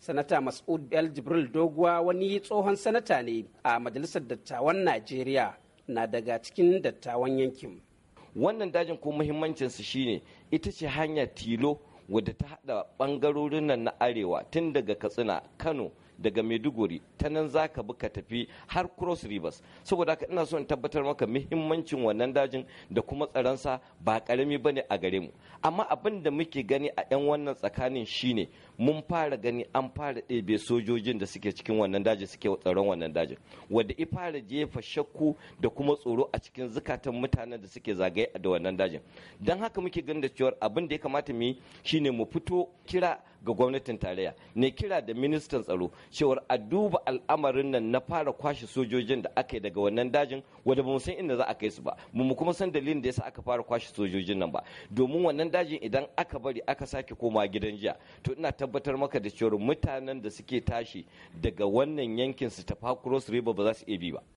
sanata mas'ud el jibril doguwa wani tsohon sanata ne a majalisar dattawan najeriya na daga cikin dattawan yankin wannan dajin ko muhimmancinsa shine ita ce hanya tilo wadda ta haɗa bangarorin nan na arewa tun daga katsina kano daga maiduguri ta nan za ka bi ka tafi har cross rivers saboda haka ina so in tabbatar maka muhimmancin wannan dajin da kuma tsaronsa ba karami ba ne a gare mu amma abin da muke gani a 'yan wannan tsakanin shine mun fara gani an fara ɗebe sojojin da suke cikin wannan dajin suke tsaron wannan dajin wanda i fara jefa shakku da kuma tsoro a cikin zukatan mutanen da suke zagaye da wannan dajin don haka muke gani da cewar abin da ya kamata mu yi shine mu fito kira ga gwamnatin tarayya ne kira da ministan tsaro cewar a duba al'amarin nan na fara kwashe sojojin da aka yi daga wannan dajin wanda ba mu san inda za a kai su ba mu kuma san dalilin da yasa aka fara kwashe sojojin nan ba domin wannan dajin idan aka bari aka sake koma gidan jiya to ina tabbatar maka da cewar mutanen da suke tashi daga wannan yankin su tafi cross river ba za su iya bi ba